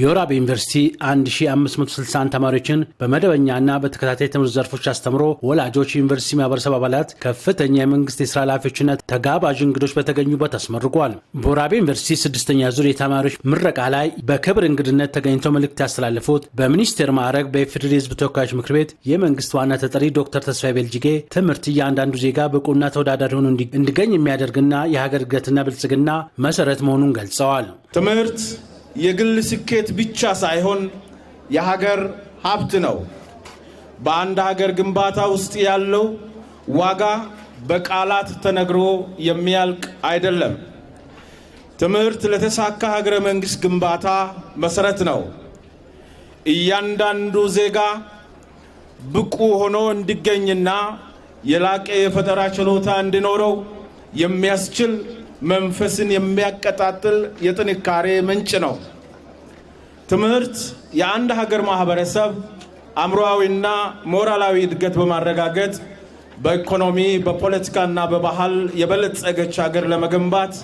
የወራቤ ዩኒቨርሲቲ 1561 ተማሪዎችን በመደበኛና በተከታታይ ትምህርት ዘርፎች አስተምሮ ወላጆች፣ ዩኒቨርሲቲ ማህበረሰብ አባላት፣ ከፍተኛ የመንግስት የስራ ኃላፊዎችና ተጋባዥ እንግዶች በተገኙበት አስመርቋል። በወራብ ዩኒቨርሲቲ ስድስተኛ ዙር የተማሪዎች ምረቃ ላይ በክብር እንግድነት ተገኝተው መልእክት ያስተላለፉት በሚኒስቴር ማዕረግ በኢፌዴሪ ህዝብ ተወካዮች ምክር ቤት የመንግስት ዋና ተጠሪ ዶክተር ተስፋዬ ቤልጅጌ ትምህርት እያንዳንዱ ዜጋ ብቁና ተወዳዳሪ ሆኖ እንዲገኝ የሚያደርግና የሀገር እድገትና ብልጽግና መሰረት መሆኑን ገልጸዋል። ትምህርት የግል ስኬት ብቻ ሳይሆን የሀገር ሀብት ነው። በአንድ ሀገር ግንባታ ውስጥ ያለው ዋጋ በቃላት ተነግሮ የሚያልቅ አይደለም። ትምህርት ለተሳካ ሀገረ መንግሥት ግንባታ መሰረት ነው። እያንዳንዱ ዜጋ ብቁ ሆኖ እንዲገኝና የላቀ የፈጠራ ችሎታ እንዲኖረው የሚያስችል መንፈስን የሚያቀጣጥል የጥንካሬ ምንጭ ነው። ትምህርት የአንድ ሀገር ማህበረሰብ አእምሮአዊና ሞራላዊ እድገት በማረጋገጥ በኢኮኖሚ በፖለቲካና በባህል የበለጸገች ሀገር ለመገንባት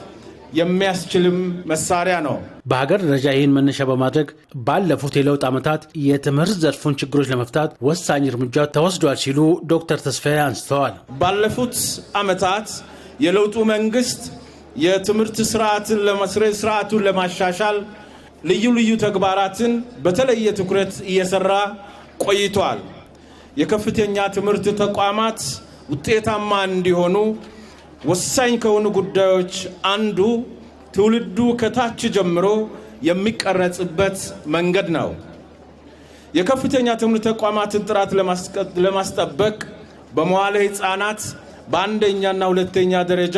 የሚያስችልም መሳሪያ ነው። በሀገር ደረጃ ይህን መነሻ በማድረግ ባለፉት የለውጥ ዓመታት የትምህርት ዘርፉን ችግሮች ለመፍታት ወሳኝ እርምጃ ተወስዷል ሲሉ ዶክተር ተስፋዬ አንስተዋል። ባለፉት ዓመታት የለውጡ መንግስት የትምህርት ስርዓትን ለመስረት ስርዓቱን ለማሻሻል ልዩ ልዩ ተግባራትን በተለየ ትኩረት እየሰራ ቆይቷል። የከፍተኛ ትምህርት ተቋማት ውጤታማ እንዲሆኑ ወሳኝ ከሆኑ ጉዳዮች አንዱ ትውልዱ ከታች ጀምሮ የሚቀረጽበት መንገድ ነው። የከፍተኛ ትምህርት ተቋማትን ጥራት ለማስጠበቅ በመዋለ ሕፃናት በአንደኛና ሁለተኛ ደረጃ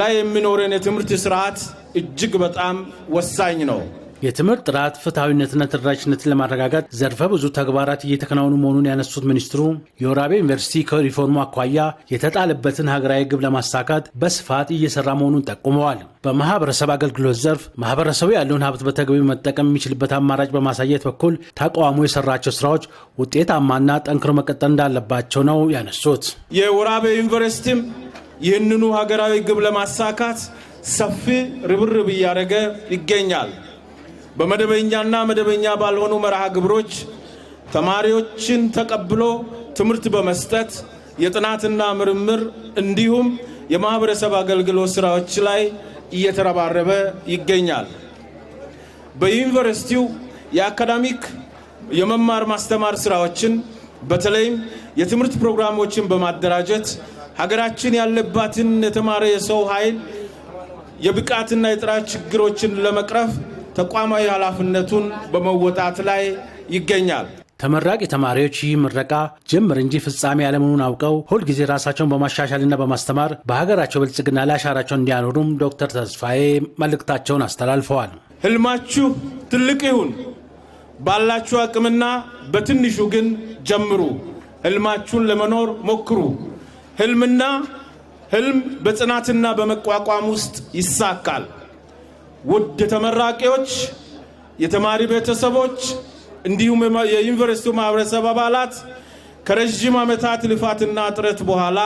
ላይ የሚኖረን የትምህርት ስርዓት እጅግ በጣም ወሳኝ ነው። የትምህርት ጥራት ፍትሐዊነትና ተደራሽነትን ለማረጋጋት ዘርፈ ብዙ ተግባራት እየተከናወኑ መሆኑን ያነሱት ሚኒስትሩ የወራቤ ዩኒቨርሲቲ ከሪፎርሙ አኳያ የተጣለበትን ሀገራዊ ግብ ለማሳካት በስፋት እየሰራ መሆኑን ጠቁመዋል። በማህበረሰብ አገልግሎት ዘርፍ ማህበረሰቡ ያለውን ሀብት በተገቢ መጠቀም የሚችልበት አማራጭ በማሳየት በኩል ተቋሙ የሰራቸው ስራዎች ውጤታማና ጠንክሮ መቀጠል እንዳለባቸው ነው ያነሱት። የወራቤ ዩኒቨርሲቲም ይህንኑ ሀገራዊ ግብ ለማሳካት ሰፊ ርብርብ እያደረገ ይገኛል። በመደበኛና መደበኛ ባልሆኑ መርሃ ግብሮች ተማሪዎችን ተቀብሎ ትምህርት በመስጠት የጥናትና ምርምር እንዲሁም የማህበረሰብ አገልግሎት ስራዎች ላይ እየተረባረበ ይገኛል። በዩኒቨርሲቲው የአካዳሚክ የመማር ማስተማር ስራዎችን በተለይም የትምህርት ፕሮግራሞችን በማደራጀት ሀገራችን ያለባትን የተማረ የሰው ኃይል የብቃትና የጥራት ችግሮችን ለመቅረፍ ተቋማዊ ኃላፊነቱን በመወጣት ላይ ይገኛል። ተመራቂ ተማሪዎች ይህ ምረቃ ጅምር እንጂ ፍጻሜ ያለመሆኑን አውቀው ሁልጊዜ ራሳቸውን በማሻሻልና በማስተማር በሀገራቸው ብልጽግና ላይ አሻራቸውን እንዲያኖሩም ዶክተር ተስፋዬ መልእክታቸውን አስተላልፈዋል። ህልማችሁ ትልቅ ይሁን፣ ባላችሁ አቅምና በትንሹ ግን ጀምሩ። ህልማችሁን ለመኖር ሞክሩ። ህልምና ህልም በጽናትና በመቋቋም ውስጥ ይሳካል። ውድ ተመራቂዎች፣ የተማሪ ቤተሰቦች እንዲሁም የዩኒቨርሲቲው ማህበረሰብ አባላት ከረዥም ዓመታት ልፋትና ጥረት በኋላ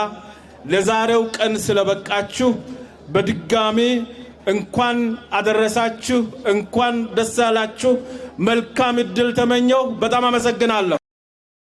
ለዛሬው ቀን ስለበቃችሁ በድጋሜ እንኳን አደረሳችሁ፣ እንኳን ደስ ያላችሁ። መልካም እድል ተመኘው። በጣም አመሰግናለሁ።